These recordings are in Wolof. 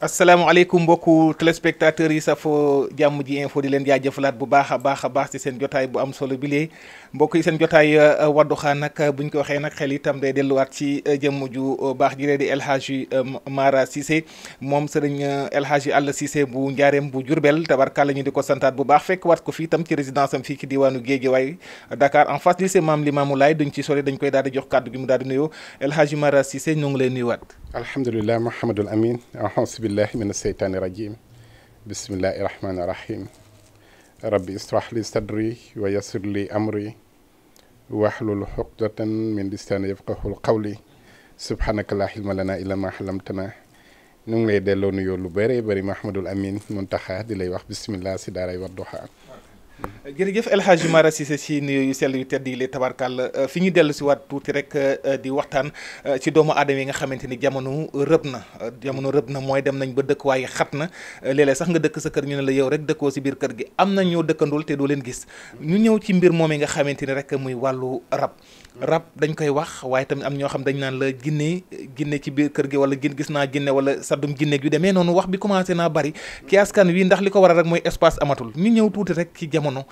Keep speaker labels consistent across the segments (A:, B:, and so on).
A: asalaamaaleykum mbokku téléspectateurs yi safo jàmm ji info di leen jaajëfalaat bu baax a baax a baax ci seen jotaay bu am solo bi lee mbokk yi seen jotaay uh, Wadduha nag uh, bu ñu ko waxee nag xel itam day delluwaat ci uh, jëmm ju baax ji lee di El Hadji um, Mara Cissé moom sëriñ El Hadji Alla Cissé bu njaareem bu Jurbel tabarkàlla ñu di ko santaat bu baax fekk waat ko fii itam ci résidence am fii ci diwaanu Géejawaay Dakar en face lycée Maam Limaamu Laay duñ ci sore dañ koy
B: daal di jox kàddu gi mu daal di nuyoo El Hadji Mara Cissé ñu ngi lay nuyuwaat alhamdulilah Mouhamadul Amin billahi min aseytaani rajim bismillahi rahmaani rahim rabbi israh li sadri wa yassir li amri wahlul uqdatan min lisaani yafqahul qawli subhanaka laa ilma lana illa ma allamtana ñu ngi lay delloo nuyoo lu bëree bëri Mahamadul Amin Muntaxa di lay wax bismillah si daaray Wadduha
A: jërëjëf El Hadj Mara Cissé si nuyoo yu sell yu tedd yi lee tabarkàll euh, fi ñu dellu si waat tuuti rek euh, di waxtaan euh, ci doomu aadama yi nga xamante ni jamono rëb na jamono rëb na mooy dem nañ ba dëkk waaye xat na léeg-léeg sax nga dëkk sa kër ñu ne la yow rek dëkkoo si biir kër gi am na ñoo dëkkandool te doo leen gis ñu ñëw ci mbir moom yi nga xamante ni rek muy wàllu rab rab dañ koy wax waaye tamit am ñoo xam dañ naan la ginne ginne ci biir kër gi wala gin gis naa ginne wala saddum ginne yu demee noonu wax bi commencé naa bari ci askan wi ndax li ko waral rek mooy espace amatul ñu ñëw tuuti rek ci jamono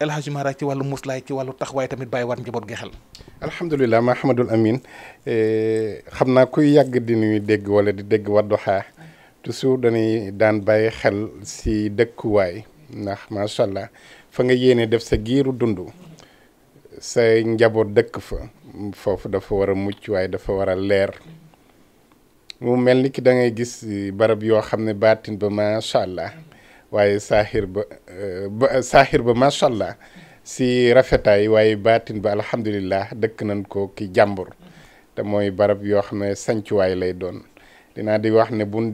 A: El Hadj ci wàllu muslaay ci wàllu tax waaye tamit bàyyi war njaboot gi xel.
B: alhamdulilah Mahamadul Amin eh, xam naa kuy yàgg di ñuy dégg wala di dégg Wadduha toujours dañuy daan bàyyi xel si dëkkuwaay ndax macha allah fa nga yéene def sa giiru dund. sa njaboot dëkk fa foofu dafa war a mucc waaye dafa war leer mu mel ni ki da ngay gis barab yoo xam ne baatin ba allah waaye saaxir ba eh, ba ba macha allah si rafetaay waaye baatin ba alhamdulilah dëkk nañ ko ki jàmbur te mooy barab yoo xam ne sancuwaay lay doon dinaa di wax ne buñ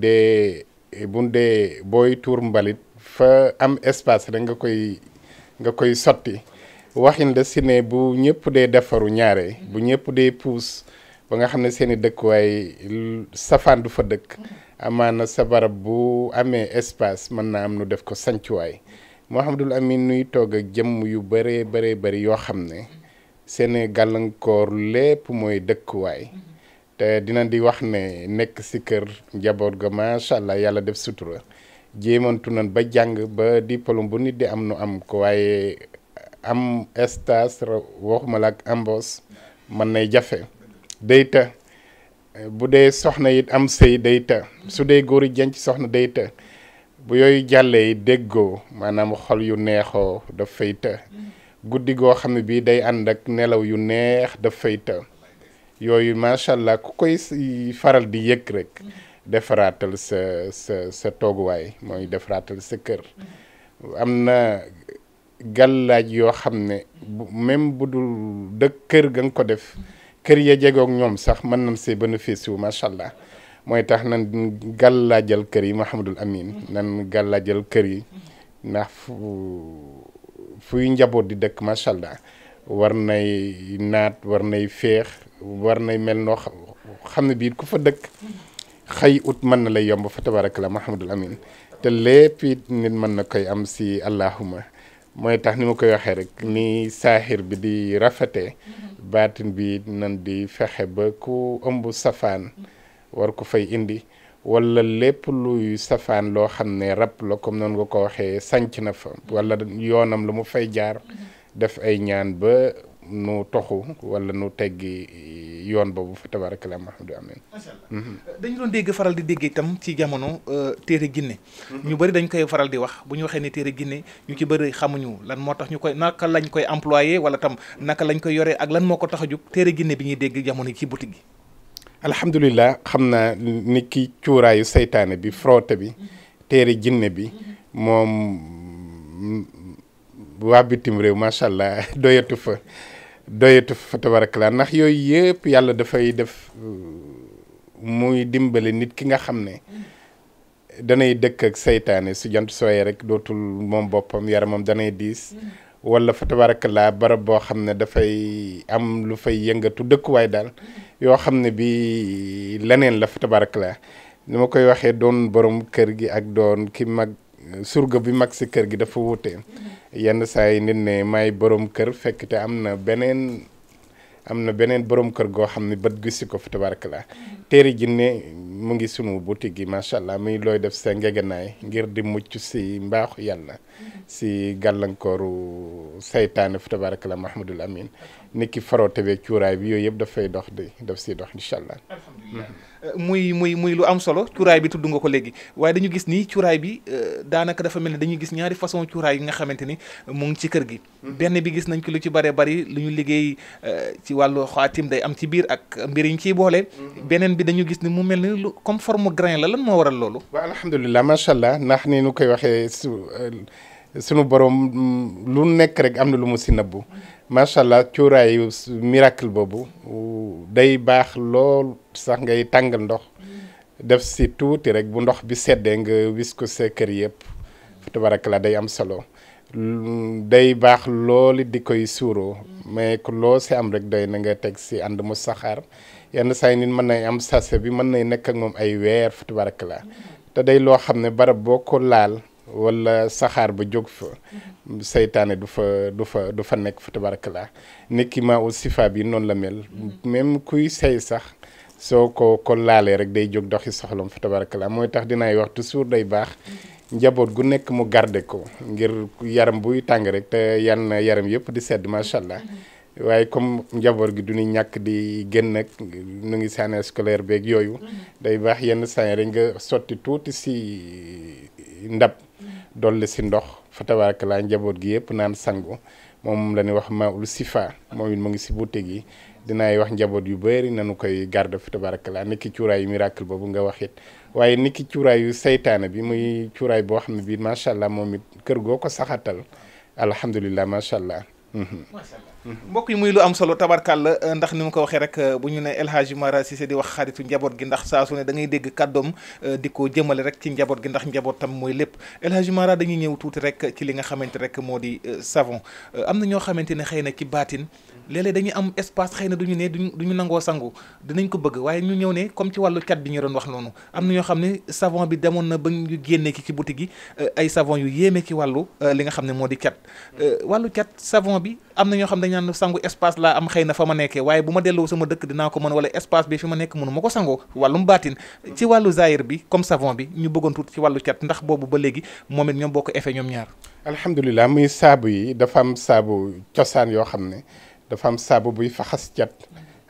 B: booy tuur mbalit fa am espace rek nga koy nga koy sotti waxin la si ne bu ñëpp dee defaru ñaare bu ñëpp dee puus ba nga xam ne seen i dëkkuwaay safaan du fa dëkk amaana sa barab bu amee espace mën na am nu def ko sancuwaay Mouhamadul Amine nuy toog ak jëmm yu bëree bëree bëri yoo xam ne seeni gàllankoor lépp mooy dëkkuwaay te dina di wax ne nekk si kër njaboot ga macha allah yàlla def sutura jéemantu nan ba jàng ba diplôme bu nit di am nu am ko waaye am stage waxuma la ak embauche nay jafe day bu dee soxna it am sëy day su dee góor yi jenc soxna day bu yooyu jàllee yi maanaam xol yu neexoo daf fay të guddi goo xam ne bii day ànd ak nelaw yu neex daf fay të yooyu macha allah ku koy faral di yëg rek defaraatal sa sa sa tooguwaay mooy defaraatal sa kër am na gàllaaj yoo xam ne même bu dul dëkk kër ga nga ko def kër ya jegook ñoom sax mën nañ see bénéfice wu macha allah mooy tax nan gàllaajal kër yi Mouhamadul Amin nan gàllaajal kër yi ndax fu fuy njaboot di dëkk macha allah war nay naat war nay feex war nay mel noo xam ne biir ku fa dëkk xay ut mën na lay yomb fa tabarak la Mouhamadul Amin te lépp nit mën na koy am si allahuma mooy tax ni ma koy waxee rek ni saaxiir bi di rafetee mm-hmm. baatin bi nan di fexe ba ku ëmb safaan mm-hmm. war ko fay indi wala lépp luy safaan loo xam ne rab la comme noonu nga ko waxee sanc na fa mm-hmm. wala yoonam lu mu fay jaar def ay ñaan ba nu toxu wala nu teggi yoon boobu fa tabarakalla alhamdulilah amin mhm.
A: dañu doon dégg faral di dégg itam ci jamono euh, téere ginne mhm. ñu bëri dañ koy faral di wax bu ñu waxee ni téere ginne ñu ci bëri xamuñu lan moo tax ñu koy naka lañ koy employé wala tam naka lañ koy yoree ak lan moo ko tax a jóg téere ginne bi ñuy dégg jamono yi ci boutique gi
B: alhamdulilah xam na ni ki cuuraayu seytaane bi frotté bi mhm. téere jinne bi moom waa bitim réew macha allah doyatu fa doyatu fa tabarakala ndax yooyu yëpp yàlla dafay def euh, muy dimbale nit ki nga xam ne danay dëkk ak seytaane su jant sooyee rek dootul moom boppam yaramam danay diis wala fa tabarakala barab boo xam ne dafay am lu fay yëngatu dëkkuwaay daal yoo xam ne bi leneen la fa tabarakala ni ma koy waxee doon borom kër gi ak doon ki mag surga bi mag si kër gi dafa wuute yenn saa yi nit ne may borom kër fekk te am na beneen am na beneen borom kër goo xam ne bët si ko fa tabaraka la téere jinne mu ngi sunu boutique gi macha allah muy looy def sa njegenaay ngir di mucc si mbaaxu yàlla si gàllankooru saytaane fu tabaraka la Mahmadul Amin niki faroote beeg cuuraay bi yooyu yëpp dafay dox di daf siy dox incha allah. Uh, muy muy muy lu am solo cuuraay bi tudd nga
A: ko léegi waaye dañu gis ni cuuraay bi uh, daanaka dafa mel ni dañuy gis ñaari façon cuuraay yi nga xamante ni mu ngi ci kër gi. Mhm. benn bi gis nañ ko lu ci bëree bëri lu ñu liggéey uh, ci wàllu xaatim day am ci biir ak mbir yi ñu ciy boole. Mhm. beneen bi dañu gis ni mu mel ni lu comme forme grain la lan moo waral
B: loolu. waaw alhamdulilah macha allah ndax ni nu koy waxee su. sunu borom mm, lu nekk rek am na lu mu si nëbbu macha allah cuuraayu miracle boobu uh, day baax lool sax ngay tàngal ndox def si tuuti rek bu ndox bi seddee nga wis ko sa kër yëpp tabaraka la day am solo mm, day baax looli di koy suuroo mais ku loo si am rek doy na nga teg si ànd mu saxaar yenn saa yi nit mën nay am sase bi mën nay nekk ak moom ay weer tabaraka te day loo xam ne barab boo ko laal. wala saxaar ba jóg fa mhm. seytaane du fa du fa du fa nekk fa tabarakalaa nekki maa u sifa bi noonu la mel mhm. même kuy sey sax soo ko ko laalee rek day jóg doxi soxlam fa tabarakalaa mooy tax dinaay wax toujours day baax mhm. njaboot gu nekk mu garde ko ngir yaram buy tàng rek yan yaram yëpp di sedd macha allah waaye comme njaboot gi du ñu ñàkk di génn ak nu ngi si année beeg yooyu day baax yenn saa rek nga sotti tuuti si ndab dolli si ndox fa tabarak njaboot gi yëpp naan sangu moom la ñuy wax Maoul Sifa moom it mu ngi si boutique yi dinaay wax njaboot yu bëri nanu koy garde fa tabarak laa niki cuuraayu miracle boobu nga wax it waaye niki cuuraayu seytaane bi muy cuuraay boo xam ne bii macha allah moom it kër goo ko saxaatal alhamdulilah macha macha mhm. allah. mbokk yi muy lu am solo tabarkàlla euh, ndax ni mu ko waxee
A: rek euh, bu ñu ne El Hadji Mara di wax xaritu njaboot gi ndax saa su ne da ngay dégg kàddoom euh, di ko jëmale rek ci njaboot gi ndax njabootam mooy lépp El Hadji Mara dañuy ñëw tuuti rek ci li nga xamante rek moo di savon am na ñoo xamante ne xëy na ci baatin léeg-léeg dañuy am espace xëy na duñu ne duñu duñu nangoo sangu dinañ ko bëgg waaye ñu ñëw ne comme ci wàllu cat bi ñu doon wax noonu am ñoo xam ne savon bi demoon na ba ñu génnee ki ci boutique yi ay savon yu yéeme ci wàllu li nga xam ne moo di cat wàllu cat savon bi am na ñoo xam ñaan sangu espace laa am xëy na fa ma nekkee waaye bu ma delloo sama dëkk dinaa ko mën wala espace bi fi ma nekk mënu ma ko sangoo wàllum baatin ci wàllu zaahir bi comme savon bi
B: ñu bëggoon tuuti ci wàllu cat ndax boobu ba léegi moom it ñoom bokk efe ñoom ñaar alhamdulilah muy saabu yi dafa am saabu cosaan yoo xam ne dafa am saabu buy faxas cat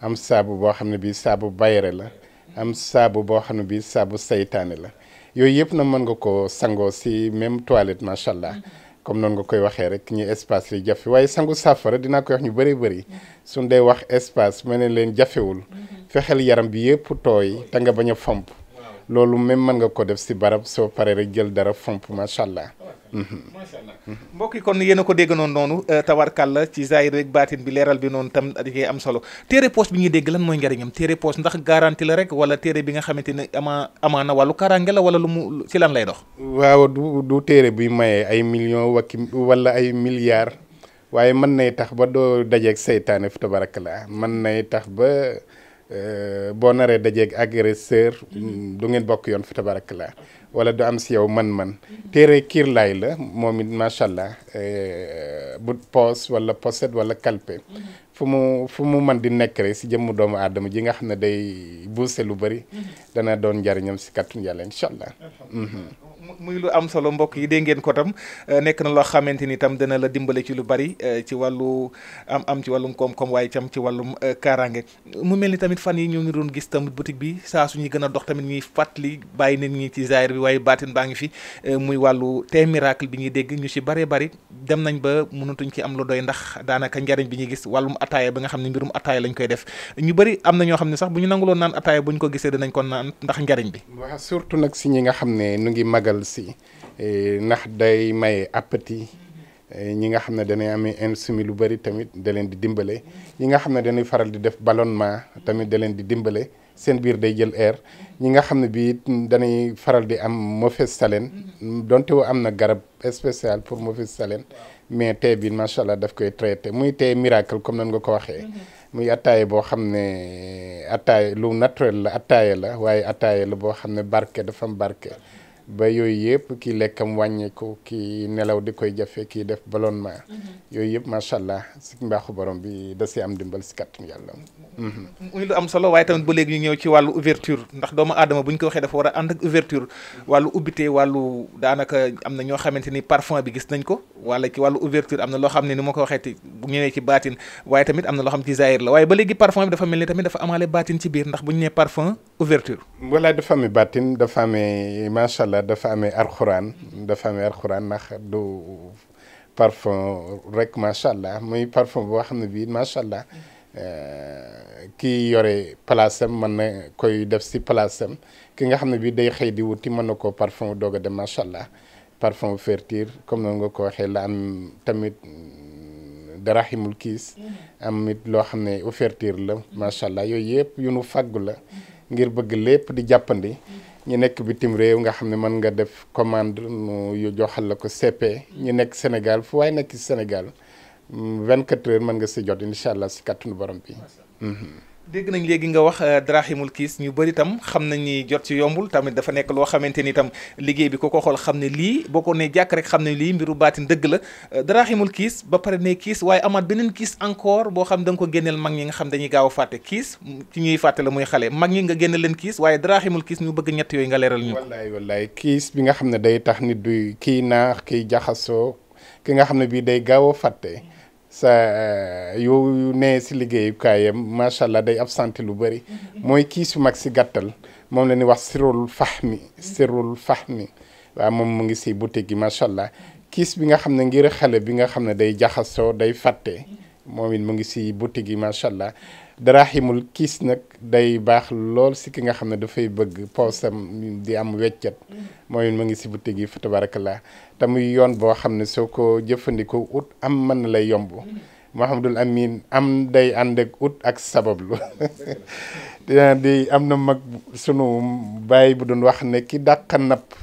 B: am saabu boo xam ne bii saabu bayre la am saabu boo xam ne bii saabu seytaane la yooyu yëpp na mën nga ko sangoo si même toilette macha allah comme noonu nga koy waxee rek ñu espace li jafe waaye sangu saafara dinaa koy wax ñu bëri bëri suñ dee wax espace ma ne leen jafewul mm-hmm. fexeel yaram bi yëpp tooy te nga bañ a fomp loolu même mën nga ko def si barab soo paree rek jël dara fomp macha allah. macha mbokk yi kon yéen a
A: ko dégg noonu noonu euh, tawarkal la ci zaahir rek baatin bi leeral bi noonu tam dafay am solo téere poche bi ñuy dégg lan mooy njariñam téere poche ndax garanti la rek wala téere bi nga xamante ne ama amaana wàllu kaaraange la wala lu mu ci lan lay dox.
B: waaw du téere bi maye ay millions wakki walla ay milliards waaye mën nay tax ba doo dajeeg seytaane fu tabarak la mën nay tax ba. Euh, boo naree dajeeg agresseur du ngeen bokk yoon fi tabarakallah wala du am si yow man-man téere kiirlaay la moom it macha allah euh, bu poos wala poset wala kalpe fu mu fu mu man di nekk rek si jëmm doomu aadama ji nga xam ne day buuse lu bëri mhm. dana doon njariñam si kàttun yàlla incha allah muy lu am solo mbokk yi dégg ngeen ko tam euh, nekk ni tam dana la
A: dimbale ci lu bari euh, ci wàllu am am ci wàllum koom-koom waaye tam ci wàllum euh, kaaraange mu mel ni tamit fan yi ñoo ngi doon gis tamit boutique bi saa su ñuy gën a dox tamit ñuy fàttali bàyyi nit ñi ci zaahir bi waaye baatin baa ngi fi muy wàllu tey miracle bi ñuy dégg ñu si bare bari dem nañ ba mënatuñ ci am lu doy ndax daanaka njariñ bi ñuy gis wàllum ataaya ba nga xam ne mbirum ataaya lañ koy def ñu bari am na ñoo xam ne sax bu ñu nanguloon naan ataaya bu ñu ko gisee dinañ ko naan ndax njariñ bi
B: surtout nag si ñi nga xam ne nu ngi magal sell si eh, ndax day maye appétit eh, ñi nga xam ne danay ame insomnie lu bari tamit da leen di dimbale ñi nga xam ne dañuy faral di def ballonnement tamit da leen di dimbale seen biir day jël air ñi nga xam ne bii danay faral di am mauvaise haleine donte woo am na garab spécial pour mauvaise haleine mais tey bi macha allah daf koy traité muy tey miracle comme nan nga ko waxee muy attaaye boo xam ne attaaye lu naturel la attaaye la waaye attaaye la boo xam ne barke dafa am barke ba yooyu yëpp kii lekkam wàññeeku ki nelaw di koy jafe kii def ballonnement mm-hmm. yooyu yëpp macha allah si mbaaxu borom bi da si am dimbal si kàttan yàlla. muy
A: lu am solo waaye tamit ba léegi ñëw ci wàllu ouverture ndax doomu aadama bu ñu ko waxee dafa war a ànd ak ouverture wàllu ubbite wàllu daanaka am na ñoo xamante ni parfum bi gis nañ ko wala ci wàllu ouverture am na loo xam ne ni ma ko waxee ci bu ñëwee ci baatin waaye tamit am na loo xam ci zahir la waaye ba léegi parfum bi dafa ni tamit dafa amaale baatin ci biir ndax bu ñu nee parfum
B: ouverture wala dafa amee baatin dafa amee macha allah dafa amee alxuraan dafa amee alxuraan ndax du parfum rek macha allah muy parfum boo xam ne bii macha allah Euh, kii yore place am mën na koy def si place ki nga xam ne bii day xëy di wuti mën na koo parfum doog dem macha allah parfum fertir comme noonu nga ko waxee la am tamit mm, daraximul kiis mm-hmm. am it loo xam ne ouverture la macha allah yooyu yëpp yu nu fàggu la mm-hmm. ngir bëgg lépp di jàppandi mm-hmm. ñi nekk bitim réew nga xam ne mën nga def commande nu joxal la ko CP ñi nekk Sénégal fu waaye nekk Sénégal 24 heures mën nga si jot incha allah si kàttanu borom bi.
A: dégg nañ léegi nga wax euh, Drahimul kiis ñu bëri tam xam na ni jot ci yombul tamit dafa nekk loo xamante ni itam liggéey bi ko ko xool xam ne lii boo ko ne jàkk rek xam ne lii mbiru baati ndëgg la euh, Drahimul kiis ba pare ne kiis waaye amaat beneen kiis encore boo xam da nga ko génneel mag ñi nga xam dañuy gaaw a fàtte kiis ci ñuy fàtte la muy xale mag
B: ñi nga génneel leen kiis waaye Drahimul Kiss ñu bëgg ñett yooyu nga leeral ñu ko wallaay wallaay bi nga xam ne day tax nit du kii naax kii jaxasoo ki nga xam ne bii day gaaw a fàtte sa yow ne si liggéeyukaayam macha allah day absenté lu bëri mooy kii su mag si gàttal moom la ñuy wax sirul fahmi sirul fahmi waaw moom mu ngi si boutique gi macha allah kiis bi nga xam ne ngir xale bi nga xam ne day jaxasoo day fàtte moom mu ngi si boutique yi macha allah daraximul kiis nag day baax lool si ki nga xam ne dafay bëgg poosam di am weccet mooy mu ngi si boutique yi fa tabarakallah te muy yoon boo xam ne soo ko jëfandikoo ut am mën na lay yomb Mouhamadul Amin am day ànd ak ut ak sabablu di am na mag sunu bàyyi bu doon wax ne ki dàq napp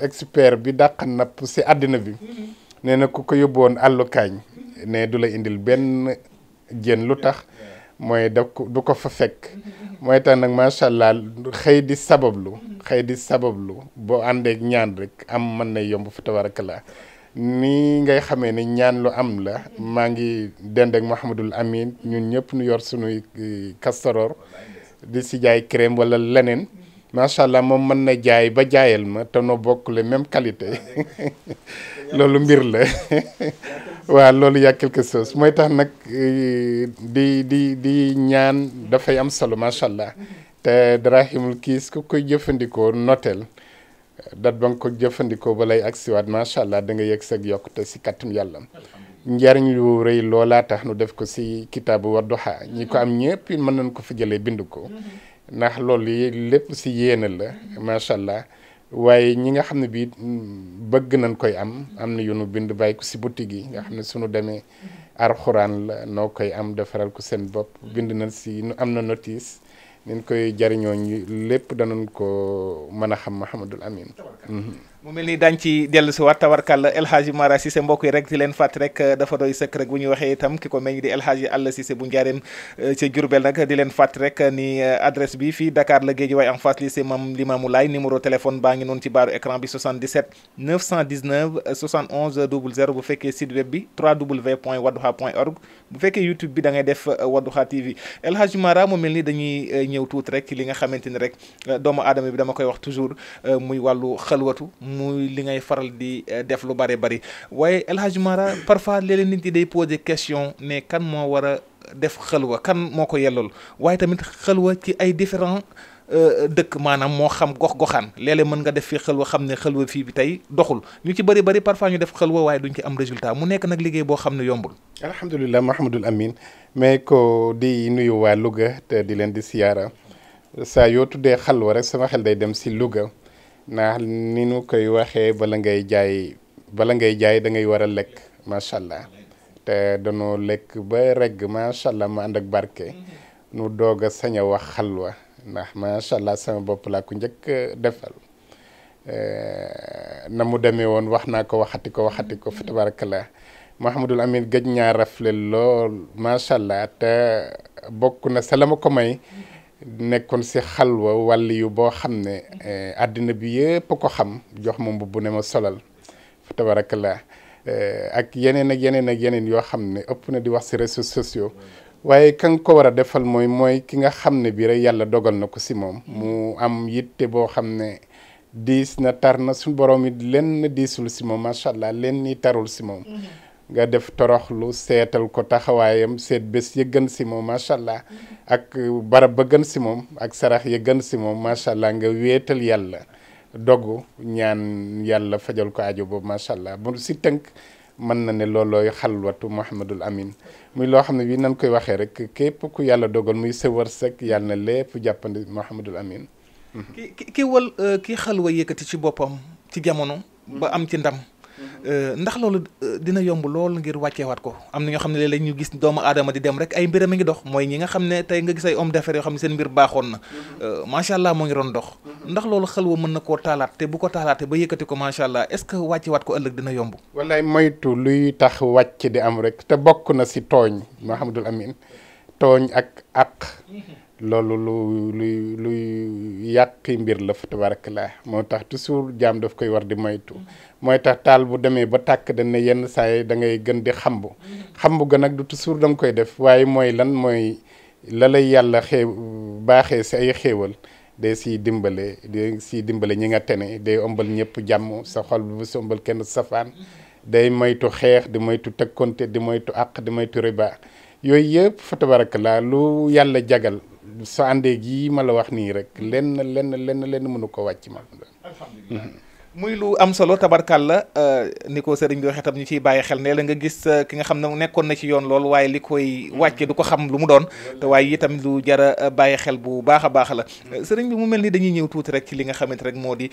B: expert bi dàqa napp si àddina bi mm-hmm. nee na ku ko yóbbu woon àllukaañ ne du la indil benn jën lu tax mooy da du ko fa fekk mooy tax nag macha allah xëy di sabablu xëy di sabablu boo àndee ñaan rek am mën na yomb fa tabarakallah nii ngay xamee ni ñaan lu am la maa ngi dend ak Mouhamadul Amin ñun ñëpp ñu yor suñuy e, castoror di si jaay crème wala leneen macha allah moom mën na jaay ba jaayal ma te noo bokk le même qualité loolu mbir la. waaw loolu yaa quelque chose mooy tax nag eh, di di di ñaan dafay am solo macha allah te darahimul kiis ku koy jëfandikoo noteel dat ba ko jëfandikoo ba lay agsiwaat macha allah da nga yegg sag yokkute si kàttan yàlla njariñ lu rëy loolaa tax nu def ko si kitaabu Wadduha ñi ko am ñëpp mën nañ ko fi jëlee bindu ko mm-hmm. ndax loolu lépp si yéene la macha allah. waaye ñi nga xam ne bii bëgg nañ koy am am na yoonu bind bàyyi si boutique yi nga xam ne suñu demee arxuraan la noo koy am defaral ko seen bopp bind nañ si am na notice niñ koy jariñoo ñi lépp danañ ko mën a xam Mahamadul Amin
A: mu mel ni daañ ci dellu si waat tabarkàlla El Hadji Mara Cissé mbokk yi rek di leen fàtt rek eh, dafa doy sëkk rek bu ñu waxee itam ki ko meññ di El Hadji Alla Cissé bu njaareem eh, ca di leen fàtt rek eh, ni adresse bi fii Dakar la géej waaye en face lycée Mame Limamou Laye numéro téléphone baa ngi noonu ci baaru écran bi 77 919 71 00 bu fekkee site web bi www.wadduha.org bu fekkee YouTube bi da ngay def Wadduha TV El Hadji Mara mu mel ni dañuy ñëw tuuti rek ci li nga xamante ni rek doomu aadama bi dama koy wax toujours muy wàllu xalwatu mu li ngay faral di eh, def lu bare bari waaye El Hadj Mara parfois léeg nit yi day poser question ne kan moo war a def xalwa kan moo ko yellool waaye tamit xalwa ci ay différents eh, dëkk maanaam moo xam gox-goxaan léeg mën nga def fi xalwa xam ne xalwa fii bi tey doxul ñu ci bëri bari parfois ñu def xalwa waaye duñ ci am résultat mu nekk nag liggéey boo
B: xam ne yombul. alhamdulilah Mahamadul Amin mais ko di nuyu waa Louga te di leen di siyaara saa yoo tuddee xalwa rek sama xel dem si Louga. ndax ni nu koy waxee bala ngay jaay bala ngay jaay da ngay war a lekk macha allah te danoo lekk ba regg macha allah mu ànd ak barke nu doog a sañ a wax xalwa ndax macha allah sama bopp laa ko njëkk defal eh, na mu demee woon wax naa ko waxati ko waxati ko fa tabarakallah Mouhamadul Amin gëj ñaa rafle lool macha allah te bokk na sa ko may. nekkoon si xalwa wàll yu boo xam ne eh, àddina bi yëpp ko xam jox ma mbubb ne ma solal tabarakallah eh, ak yeneen ak yeneen ak yeneen yoo xam ne ëpp na di wax si réseaux sociaux waaye ka nga ko war a defal mooy mooy ki nga xam ne bii rek yàlla dogal na ko si moom mu am yitte boo xam ne diis na tar na su borom it lenn diisul si moom macha allah lenn ni tarul si moom mm-hmm. nga def toroxlu seetal ko taxawaayam seet bés ya gën si moom macha allah mm-hmm. ak barab ba gën si moom ak sarax ya gën si moom macha allah nga wéetal yàlla dogu ñaan yàlla fajal ko aajo boobu macha allah bu si tënk mën na ne loolooy xalwatu Mouhamadul Amin muy loo xam ne bii nan koy waxee rek képp ku yàlla dogal muy sa wërsëg yàlla na lépp jàppandi Mouhamadul Amin. ki ki ki wal euh, ki xalwa yëkkati ci
A: boppam ci jamono. ba am ci ndam. Euh, ndax loolu euh, dina yomb lool ngir waat ko am na ñoo xam ne léeg-léeg ñu gis doomu aadama di dem rek ay mbiram a ngi dox mooy ñi nga xam ne tey nga gis ay homme d'affaires yoo xam ne seen mbir baaxoon na mhm. euh, macha allah moo ngi doon dox mhm. ndax loolu xalwa mën na koo taalaat te bu ko taalaate ba yëkkati ko macha allah est-ce que wàcceewaat ko ëllëg dina yomb
B: wallaay moytu luy tax wàcc di am rek te bokk na si tooñ Mouhamadoul Amine tooñ ak àq mhm. loolu lu luy luy yàqi mbir la fa tabarakallah moo tax toujours jaam daf koy war di moytu mooy tax taal bu demee ba tàkk dañ ne yenn saa da ngay gën di xambu xambu ga nag du toujours da koy def waaye mooy lan mooy la lay yàlla xee baaxee si ay xéewal day siy dimbale day si dimbale ñi nga tene day ëmbal ñëpp jàmm sa xol bu si ëmbal kenn safaan day moytu xeex di moytu tëkkonte di moytu àq di moytu riba yooyu yëpp fa tabarakallah lu yàlla jagal sa àndee gii ma la wax nii rek lenn lenn lenn lenn mënu ko wàcc ma. muy lu am solo tabarkal la euh, ni ko sëriñ bi waxee tam ñu ciy bàyyi xel ne la nga gis euh,
A: ki nga xam ne nekkoon na ci yoon lool waaye li koy wàcce du ko xam lu mu doon te waaye itam lu jara euh, bàyyi xel bu baax a baax la sëriñ bi mu mel ni dañuy ñëw tuuti rek ci li nga xamante rek moo di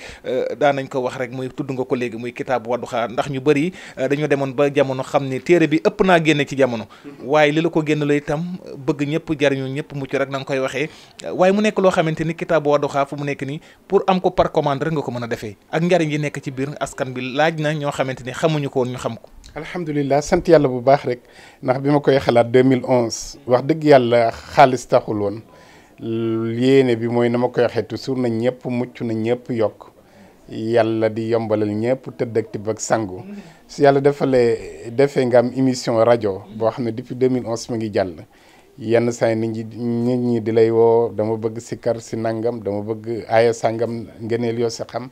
A: daanañ ko wax rek muy tudd nga ko léegi muy kitaabu Wadduha ndax ñu bari dañoo demoon ba jamono xam ni téere bi ëpp naa génne ci jamono waaye li la ko génn la itam bëgg ñëpp jariñu ñëpp mucc rek na nga koy waxee waaye mu nekk loo xamante ni kitaabu Wadduha fu mu nekk nii pour am ko par commande rek nga ko mën a defee ak ngi nekk ci biir askan bi laaj na ñoo xamante ni xamuñu ko woon ñu xam ko.
B: alhamdulilah sant yàlla bu baax rek ndax bi ma koy xalaat 2011 wax dëgg yàlla xaalis taxul woon yéene bi mooy na ma koy waxee toujours nañ ñëpp mucc nañ ñëpp yokk yàlla di yombalal ñëpp tëdd ak tibb ak sangu su yàlla defalee defee nga am émission rajo boo xam ne depuis 2011 mi ngi jàll. yenn saa nit ñi nit ñi di lay woo dama bëgg si kar si nangam dama bëgg aaya sangam ngëneel yoo si xam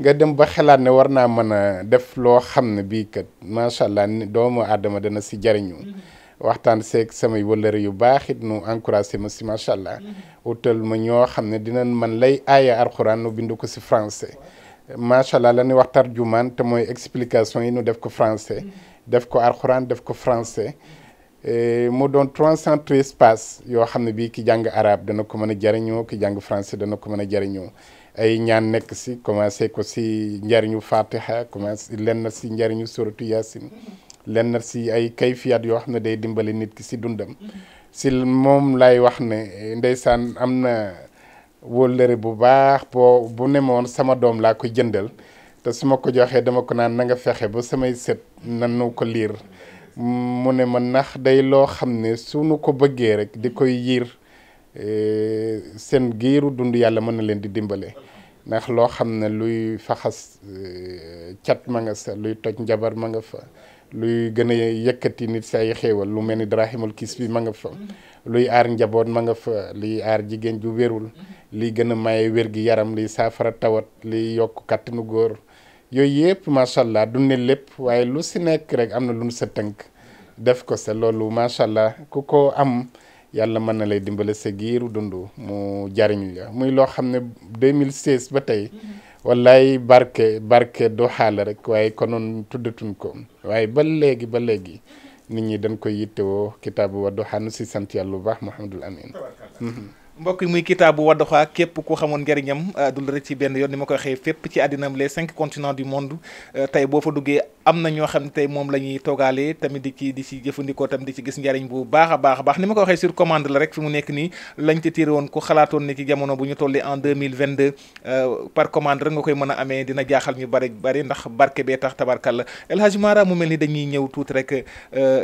B: nga dem ba xalaat ne war naa mën a def loo xam ne bii kat macha allah ni doomu aadama dana si jariñu
C: mm-hmm.
B: waxtaan seek samay wëllëre yu baax it nu encouragé ma si macha allah mm-hmm. utal ma ñoo xam ne dina man lay aaya alxuraan nu bind ko si français macha allah la ñuy wax tarjumaan te mooy explication yi nu def ko français mm-hmm. def ko alxuraan def ko français e, mu doon trois cent treize pages yoo xam ne bii ki jàng arabe dana ko mën a jariñoo ki jàng francais dana ko mën a jariñoo ay ñaan nekk si commencé ko si njariñu fatiha commencé lenn si njariñu suratu yasin lenn si ay kayfiyaat yoo xam ne day dimbali nit ki si dundam si moom lay wax ne ndeysaan am na wóllëre bu baax boo bu nemoon sama doom laa ko jëndal te su ma ko joxee dama ko naan na nga fexe ba samay set nanu ko liir mu ne ma nax day loo xam ne su nu ko bëggee rek di koy yiir Eh, seen giiru dund yàlla mën na leen di dimbale ndax loo xam ne luy faxas eh, cat ma nga sa luy toj njabar ma nga fa luy gën a yëkkati nit si ay xéewal lu mel ni darahimul kis bi ma nga fa luy aar njaboot ma nga fa luy aar jigéen ju wérul liy gën a maye wér gi yaram liy saafara tawat liy yokk kàttanu góor yooyu yëpp macha allah du lépp waaye lu si nekk rek am na lu mu sa tënk def ko sa loolu macha allah ku ko am yàlla mën na lay dimbale sa giiru dund mu jariñu la muy loo xam ne 2016 ba tey mm-hmm. wallaay barke barke doxaa la rek waaye konoon tuddatuñ ko waaye ba léegi ba léegi nit ñi dañ koy yittewoo kitaabu Wadduha nu si santiyal lu baax Mouhamadul Amin
A: mbokk yi muy kitaabu Wadduha képp ku xamoon njëriñam ah, dul rek ci benn yoon ni ma ko waxee fépp ci àddinam les cinq continents du monde ah, tey boo fa duggee am na ñoo xam ne tey moom la ñuy toggaale tamit di ci di ci jëfandikoo tamit di ci gis njariñ bu baax a baax a baax ni ma ko waxee sur commande la rek fi mu nekk nii lañ ci tiré woon ku xalaatoon ni ci jamono bu ñu tolli en 2022 ah, par commande rek nga koy mën a amee dina jaaxal ñu bari bari ndax barke bee tax tabarkalla El Hadj mu mel ni dañuy ñëw tuuti rek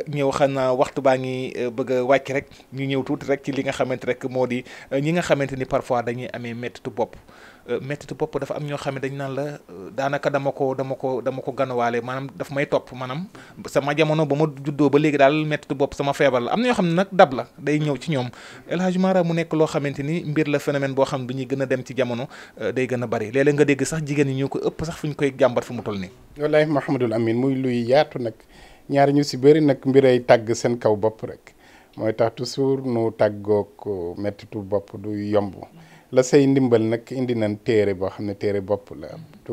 A: ñëw xanaa waxtu baa ngi bëgg a wàcc rek ñu ñëw tuuti rek ci li nga xamante rek moo di Euh, ñi nga xamante ni parfois dañuy amee méttitu bopp euh, méttitu bopp dafa am ñoo xam ne dañu naan la euh, daanaka dama ko dama ko dama ko ganawaale maanaam daf may topp maanaam sama jamono ba ma juddoo ba léegi daal méttitu bopp sama feebar la am na ñoo xam ne nag dab la day ñëw ci ñoom El Hadj mu nekk loo xamante ni mbir la phénomène boo xam ne bu ñuy gën a dem ci jamono day gën a bari léeg nga dégg sax jigéen ñi ñoo ko ëpp sax fu
B: ñu koy jàmbat fu mu toll nii. wallaahi Mouhamadul Amin muy luy yaatu nag ñaar ñu si bëri nag mbiray tàgg seen kaw bopp rek mooy tax toujours nu tàggoog méttitu bopp du yomb la say ndimbal nag indi nañ téere boo xam ne téere bopp la du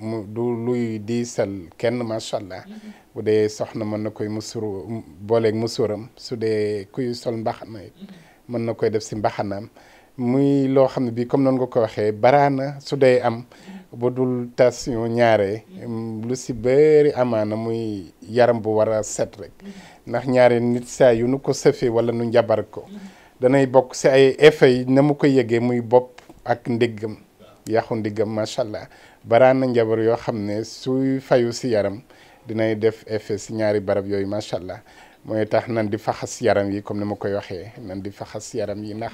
B: mu du luy diisal kenn macha allah bu dee soxna mën na koy musuru booleek musuram su dee kuy sol mbaxana mën na koy def si mbaxanaam muy loo xam ne bii comme noonu nga ko waxee baraana su dee am bu dul tension ñaaree lu si bëri amaana muy yaram bu war a set rek ndax ñaare nit saa yu nu ko sëfee wala nu njabar ko danay bokk si ay effet yi na mu ko yëgee muy bopp ak ndiggam yàqu ndiggam macha allah baraan na njabar yoo xam ne suy fayu si yaram dinay def effet si ñaari barab yooyu macha allah mooy tax nan di faxas yaram yi comme ni ma koy waxee nan di faxas yaram yi ndax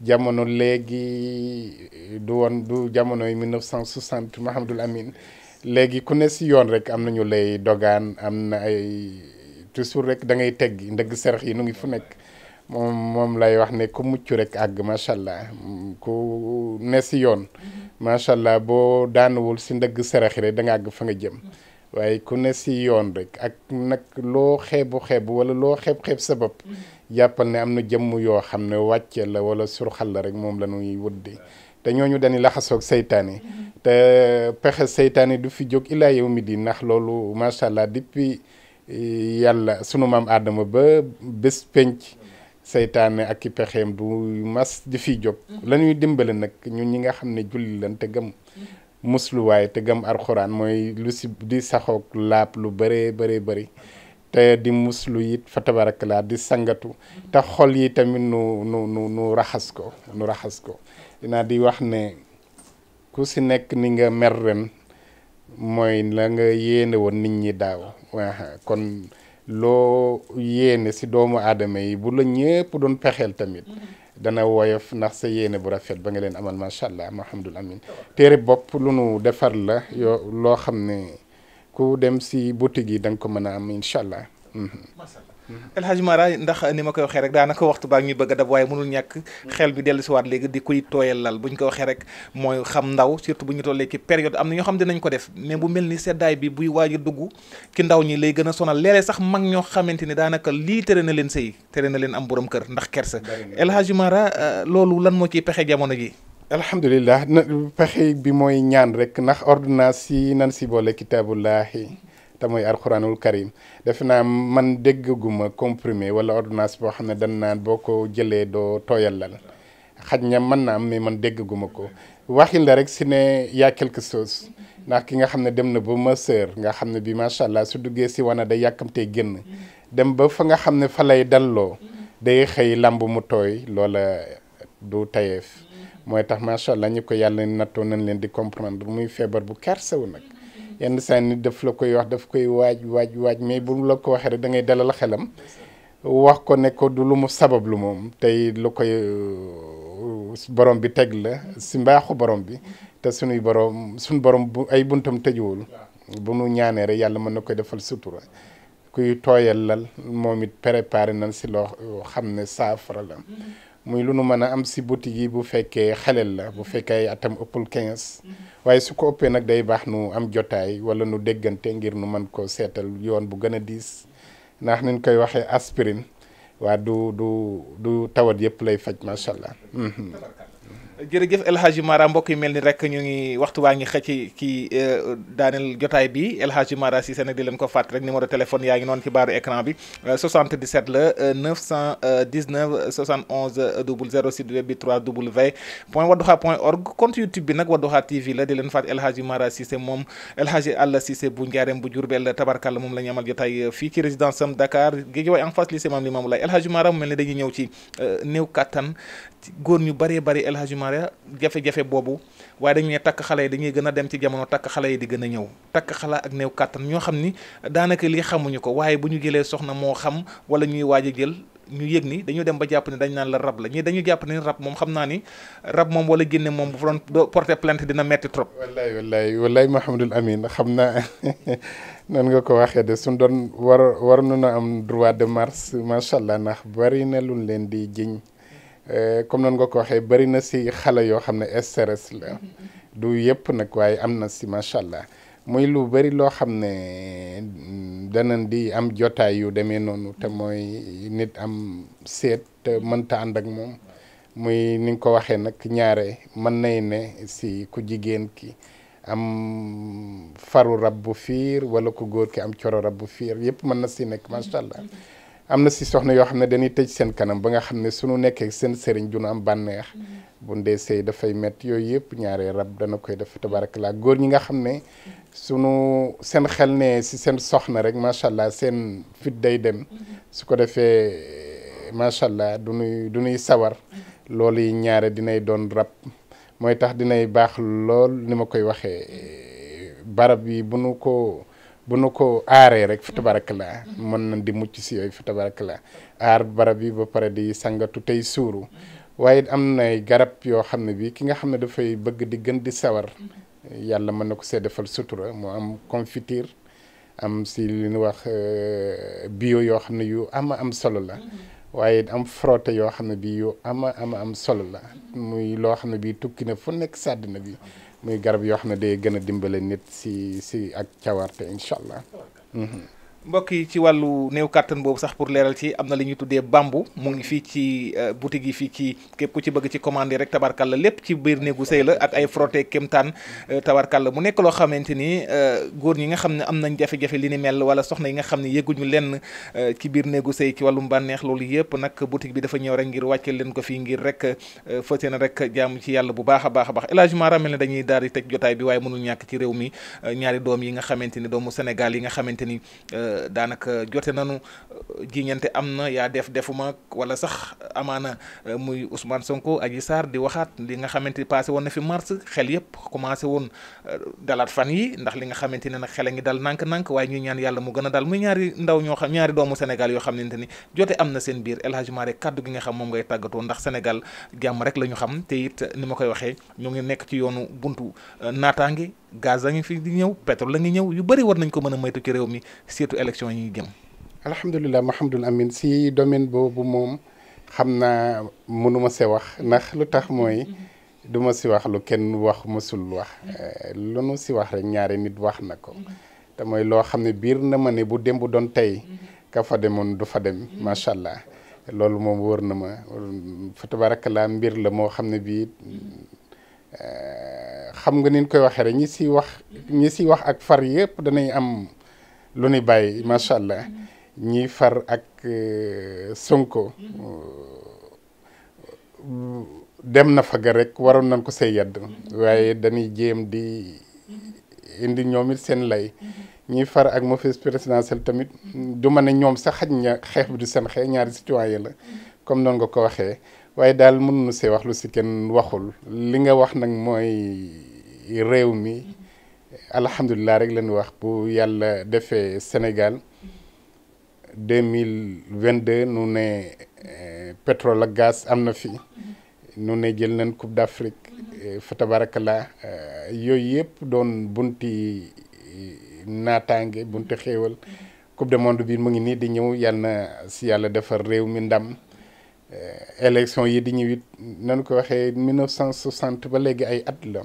B: jamono léegi du woon du jamono yi 1960 Mahamadul Amin léegi ku ne si yoon rek am nañu lay dogaan am na ay. toujours rek da ngay teggi ndëgg serax yi nu ngi fu nekk moom moom lay wax ne ku mucc rek àgg macha allah ku ne si yoon macha allah boo daanuwul si ndëgg serax yi rek da àgg fa nga jëm waaye ku ne si yoon rek ak nag loo xeebu xeebu wala loo xeeb xeeb sa bopp jàppal ne am na jëmm yoo xam ne wàcce la wala surxal la rek moom la ñuy wëddi te ñooñu dañuy laxasoog seytaane te pexe seytaane du fi jóg illaa yow mi di ndax loolu macha allah depuis. yàlla sunu maam aadama ba bés penc seytaane ak i pexeem du mas di fi jóg mhm. la ñuy nag ñun ñi nga xam ne julli lan te gëm mhm. musluwaay te gëm arxuraan mooy lu si di saxook laab lu bëree bëree bëri te di muslu it fa tabarakalaa di sangatu mhm. te xol yi tamit nu nu nu nu raxas ko nu raxas ko dinaa di wax ne ku si nekk ni nga mer ren mooy la nga yéene woon nit ñi daaw kon loo yéene si doomu aadama yi bu la ñëpp doon pexeel tamit mm-hmm. dana woyof ndax sa yéene bu rafet ba nga leen amal macha allah mahamdul amin téere bopp lu nu defar la yoo loo xam ne ku dem si boutique yi da nga ko mën a am incha allah. Mm-hmm.
A: El Hadj ndax ni ma koy waxee rek daanaka waxtu baa ñuy bëgg a dab waaye mënul ñàkk xel bi dellu si waat léegi di koy tooyal lal bu ñu ko waxee rek mooy xam ndaw surtout bu ñu tollee ci période am na ñoo xam dinañ ko def mais bu mel ni seddaay bi buy waaj a dugg ki ndaw ñi lay gën a sonal léeg sax mag ñoo xamante ni daanaka lii tere na leen sëy tere na leen am borom kër ndax kersa El Hadj Mara euh, loolu lan moo ciy pexe jamono ji
B: alhamdulilah na pexe bi mooy ñaan rek ndax ordonnance yi nan si boole kitaabullaahi te muy alxuraanul karim defe naa man déggaguma comprimé wala ordonnance boo xam ne dan naan boo ko jëlee doo tooyal tooyalal xaj na mën na am mais man déggaguma ko waxin la rek si ne yaa quelque chose ndax ki nga xam ne dem na ba ma sœur nga xam ne bi macha allah su duggee si wana day yàkkamtee génn dem ba fa nga xam ne fa lay dalloo day xëy làmb mu tooy loola du tayeef mooy tax macha allah ñu ko yàlla nattoo nañ leen di comprendre muy feebar bu kersewu nag yenn saa nit daf la koy wax daf koy waaj waaj waaj mais bu la ko waxee rek da dalal xelam. wax ko ne ko du lu mu sabab lu moom tey lu koy euh, borom bi teg la si mbaaxu borom bi te suñuy borom sunu borom bu ay buntam tëjuwul. bu nu ñaanee rek yàlla mën na koy defal sutura. kuy tooyal lal moom it préparé nañ si loo xam ne saafara la. muy lu nu mën a am si boutique yi bu fekkee xalel la bu fekkee atam ëppul 15 waaye su ko ëppee nag day baax nu am jotaay wala nu déggante ngir nu mën ko seetal yoon bu gën a diis ndax nañ koy waxee aspirine waa du du du tawat yëpp lay faj macha allah. Mhm.
A: jërëjëf El Hadj Mara mbokk yi mel ni rek ñu ngi waxtu waa ngi xëcc kii eh, daaneel jotaay bi El Mara Cissé nag di leen ko fàtt rek numéro téléphone yaa ngi noonu ci baaru écran bi 77 eh, la 919 71 00 site web bi 3w point wadduha point org compte YouTube bi nag wadduha TV la di leen fàtt El Hadj Mara Cissé moom El Hadj Alla Cissé bu njaareem bu Jurbel tabarkàlla moom la ñu amal jotaay eh, fii ci résidence am Dakar Guédiawaye en face lycée Mame Limamou Laye El Hadj Mara mu mel ni dañuy ñëw ci néew kattan góor ñu bëree bëri El Hadj Maria jafe-jafe boobu waaye dañu ne takk xale yi dañuy gën a dem ci jamono takk xale yi di gën a ñëw takk xala ak new kàttan ñoo xam ni daanaka lii xamuñu ko waaye bu ñu jëlee soxna moo xam wala ñuy waaj a jël ñu yëg ni dañu dem ba jàpp ne dañ naan la rab la ñii dañu jàpp ne rab moom xam naa ni rab moom wala génne moom bu fa doon porter plainte dina metti trop.
B: wallaay wallaay wallaay Mouhamadul Amine xam naa nan nga ko waxee de suñ doon war war nañu am droit de mars macha allah ndax bari na luñ leen di jiñ Euh, comme noonu nga ko waxee bari na si xale yoo xam ne SRS la du yëpp nag waaye am na si macha allah muy lu bari loo xam ne mm, danañ di am jotaay yu demee noonu te mooy nit am seet te mënta ànd ak moom muy ni ko waxee nag ñaare mën nay ne si ku jigéen ki am faru rab bu fiir wala ku góor ki am coro rab bu fiir yëpp mën na si nekk macha allah. am na si soxna yoo xam ne dañuy tëj seen kanam ba nga xam ne suñu nekkee seen sëriñ du nu am bànneex mm-hmm. bu ndee sëy dafay métti yooyu yëpp ñaare rab dana koy def laa góor ñi nga xam ne sunu seen xel ne si seen soxna rek macha allah seen fit day dem mm-hmm. su ko defee macha allah du nuy du nuy sawar mm-hmm. loolu yi ñaare dinay doon rab mooy tax dinay baax lool ni ma koy waxee barab yi bu nu ko bu nu ko aaree rek fi tabarakallah mën nañ di mucc si yooyu fi tabarakallah aar barab yi ba pare di sangatu tey suuru waaye am na ay garab yoo xam ne bii ki nga xam ne dafay bëgg di gën di sawar yàlla mën na ko see defal sutura mu am confiture am si li ñu wax euh, bio yoo xam ne yu am am solo la waaye am frotté yoo xam ne bii yu ama am am solo la muy loo xam ne bii tukki na fu nekk sàddina bi muy garab yoo xam ne day gën a dimbale nit si si ak cawarte incha allah.
A: mbokk yi ci wàllu néew kàttan boobu sax pour leeral ci am na li ñuy tuddee bambu mu ngi fii ci euh, boutique yi fii ci képp ku ci bëgg ci commandé rek tabarkal la lépp ci biir néegu sëy la ak ay frotté kemtaan euh, la mu nekk loo xamante ni euh, góor ñi nga xam ne am nañ jafe-jafe li ni mel wala soxna yi nga xam ne yëguñu lenn ci biir néegu sëy ci wàllum bànneex loolu yëpp nag boutique bi dafa ñëw rek ngir wàcce leen ko fii ngir rek fësee na rek jaamu ci yàlla bu baax a baax a baax élagement ramel ne dañuy daal di teg jotaay bi waaye mënul ñàkk ci réew mi ñaari doom yi nga xamante ni doomu Sénégal yi nga xamante ni daanaka jote nanu euh, jiñante am na yaa def defuma wala sax amaana euh, muy Ousmane Sonko Adji saar di waxaat li nga xamante ni passé woon na fi mars xel yëpp commencé woon euh, dalaat fan yi ndax li nga xamante ne nag xel ngi dal nànk-nànk waaye ñuy ñaan yàlla mu gën a dal muy ñaari ndaw ñoo xam ñaari doomu Sénégal yoo xam ne ni jote am na seen biir El Hadj kaddu gi nga xam moom ngay tàggatoo ndax Sénégal jàmm rek la ñu xam te it ni ma koy waxee ñu ngi nekk ci yoonu buntu gaz la ngi fi di ñëw pétrole la ngi ñëw yu bari war nañ ko mën a moytu ci réew mi surtout élection yi ñuy jëm.
B: alhamdulilah Mahamadul Amin si domaine boobu moom xam naa mënuma si wax ndax lu tax mooy duma si wax lu kenn wax masul wax eh, lu nu si wax rek ñaari nit wax na ko te mooy loo xam ne biir na ma ne bu dem bu doon tey ka fa demoon du fa dem macha allah loolu moom wóor na ma fa tabarakala mbir la moo xam ne bii. Eh, xam nga ni ñu koy waxee rek ñi siy wax ñi siy wax ak far yëpp danay am lu ñuy bàyyi macha allah ñi far ak euh, Sonko euh, dem na fa ga rek waroon nañ ko see yedd waaye dañuy jéem di indi ñoom it seen lay ñi far ak ma fis présidentiel tamit du ma ne ñoom sax xaj na xeex bi du seen xeex ñaari citoyen la comme noonu nga ko waxee waaye daal mënuñu see wax lu si kenn waxul li nga wax nag mooy réew mi alhamdulilah rek lañu wax bu yàlla defee Sénégal deux mille vingt deux nu ne euh, pétrole ak gaz am na fi nu ne jël nañ Coupe d'Afrique euh, fa tabarakallah euh, yooyu yëpp doon bunti naataange bunti xéewal Coupe du monde bi mu ngi nii di ñëw yal si yàlla defar réew mi ndam. élection yi di ñëw it nañu ko waxee 1960 ba léegi ay at la.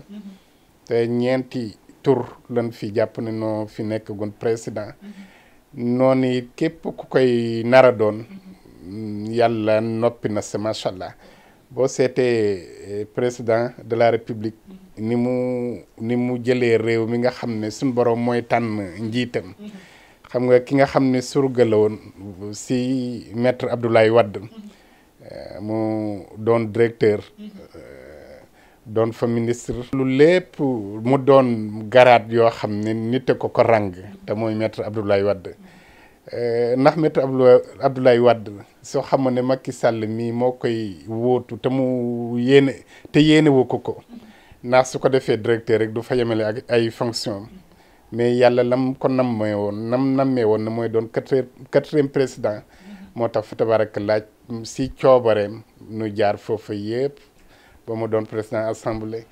B: te ñeenti tur lañ fi jàpp ne noo fi nekk gun président noonu it képp ku koy nara doon yàlla noppi na si macha allah boo seetee eh, président de la république ni mu ni mu jëlee réew mi nga xam ne suñ borom mooy tànn njiitam xam nga ki nga xam ne surga la woon si maître Abdoulaye Wade eh, mu doon directeur doon fa ministre lu lépp mu doon garaat yoo xam ne nit ko ko ràng te mooy maître Abdoulaye Wade eh, ndax maître Abdoulaye Wade soo xamoon ne Macky Sall mii moo koy wóotu te mu yéene te yéene wu ko ko ndax su ko defee directeur rek du fa yemale ay fonction mais yàlla lam ko nammee woon nam woon na mooy doon quatrième quatrième président moo tax fa tabarak laaj si coobareem nu jaar foofa yëpp ba mu doon président assemblée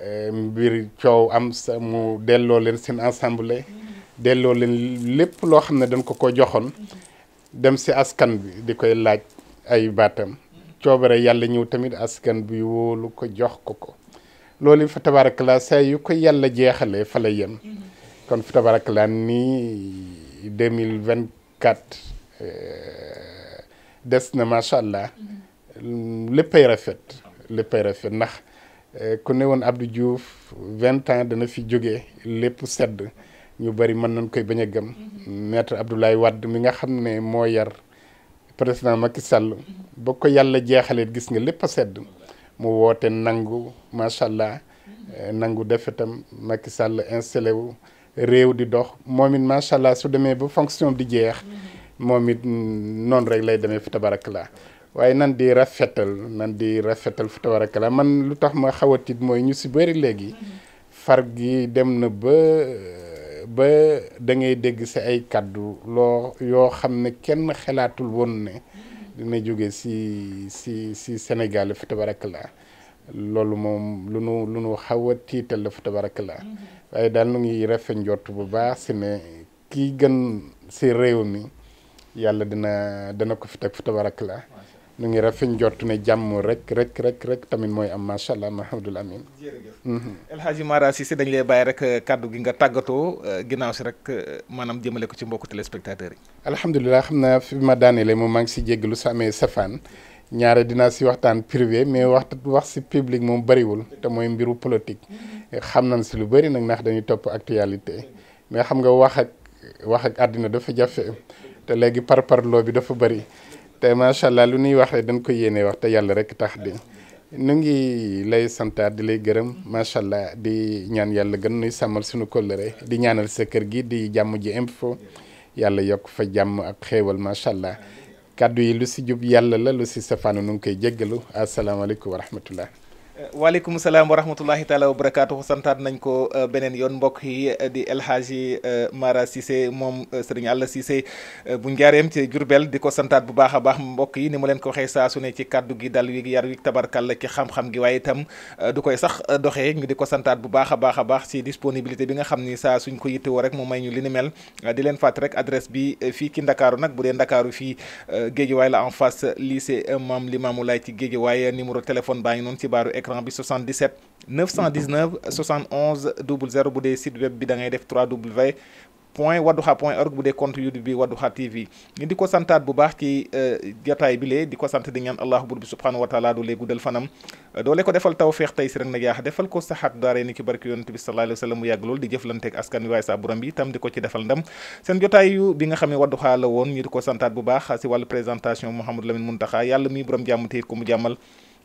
B: eh, mbir coow am sa mu delloo leen seen assemblée delloo leen lépp loo xam ne dañ ko ko joxoon dem si askan bi di koy laaj ay baatam coobare yàlla ñëw tamit askan bi wóolu ko jox ko ko loolu fa tabarakalaa saa yu ko yàlla jeexalee fa la yem kon fa tabarakalaa nii eh, des na macha allah léppay rafet léppay rafet ndax euh, ku ne woon abdu Diouf vingt ans dana fi jóge lépp sedd ñu bari mën nañ koy bañ a gëm mhm. maître Abdoulaye Wade mi nga xam ne moo yar président Macky Sall ba ko yàlla jeexalee gis nga lépp a sedd mu woote nangu macha allah euh, nangu defetam Macky Sall installé wu réew di dox moom it macha allah su demee ba fonction di jeex mhm. moom it noonu rek lay demee fi tabarak la waaye nan di rafetal nan di rafetal fu tabarakala man lu tax ma xaw a tiit mooy ñu si bëri léegi far gi dem na ba ba da ngay dégg si ay kàddu loo yoo xam ne kenn xalaatul woon ne dina jóge si si si Sénégal fu tabarakala loolu moom lu nu lu nu xaw a tiital la fu waaye daal nu ngi rafet njort bu baax si ne kii gën si réew mi yàlla dina dana ko fi teg nu ngi rafet njort ne jàmm rek rek rek rek tamit mooy am macha allah mahamdul amin. jërëjëf mhm.
A: El Hadj Mara Cissé dañ lay bàyyi rek euh, kàddu gi nga tàggatoo euh, ginnaaw si rek euh, maanaam jëmale ko ci mbokku téléspectateurs
B: yi. alhamdulilah xam na fi ma daanelee moom maa ngi si jéggalu sa amee safaan ñaare dinaa si waxtaan privé mais wax waxtu wax si public moom bëriwul te mooy mbiru politique. xam nañ si lu bëri nag ndax dañuy topp actualité mais xam nga wax ak wax ak àddina dafa jafe te léegi parparloo bi dafa bëri. te macha allah lu nuy wax dañ ko yéene wax te yàlla rek tax di nu ngi lay santaat di lay gërëm macha allah di ñaan yàlla gën nuy sàmmal suñu kóllëre di ñaanal sa gi di jàmm ji info yàlla yokk fa jàmm ak xéewal macha allah kàddu yi lu si jub yàlla la lu si safaanu nu ngi koy jéggalu asalaamaaleykum wa rahmatullah
A: waaleykum salaam wa rahmatullahi taala wa barakaatu santaat nañ ko euh, beneen yoon mbokk yi euh, di El Hadji euh, Mara Cissé moom sëriñ Alla Cissé bu njaareem ci Jurbel di ko santaat bu baax a baax mbokk yi ni mu leen ko waxee saa su ci kàddu gi dal wi yar wi tabarkal ci xam-xam gi waay itam du koy sax doxee ñu di ko santaat bu baax a baax a baax ci disponibilité bi nga xam ni saa suñ ko yittewoo rek moo may ñu li ni mel di leen fàtt rek adresse bi fii ki nag bu dee Ndakaaru fii Géejawaay la en face lycée Mame Limamou Laye ci Géejawaay numéro téléphone baa ngi noonu ci baaru écran bi 77 919 71 00 bu dee site web bi da ngay def 3w point wadduha point org bu dee compte youtube bi wadduha tv ñu di ko santaat bu baax ci euh, jataay bi lee di ko sant di ñaan euh, defal ko saxaat daare ni ci barke yonent bi sallallahu alayhi wa yàgg lool di jëflanteeg askan wi waaye sa borom bi itam di ko ci defal ndam seen jotaay bi nga xam ne wadduha la woon ñu di ko santaat bu baax si wàllu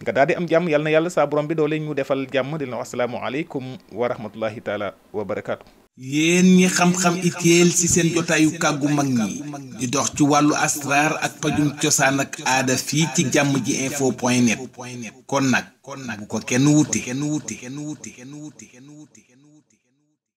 A: nga daal di am jàmm yàlla na yàlla saa borom bi doole ñu defal jàmm di la wax asalaamualeykum wa rahmatullahi taala wa barakaatu. yéen ñi xam-xam itéel ci seen jotaayu kàggu mag ñi di dox ci wàllu asraar ak pajum cosaan ak aada fii ci jàmm ji info point net kon nag bu ko kenn wuti.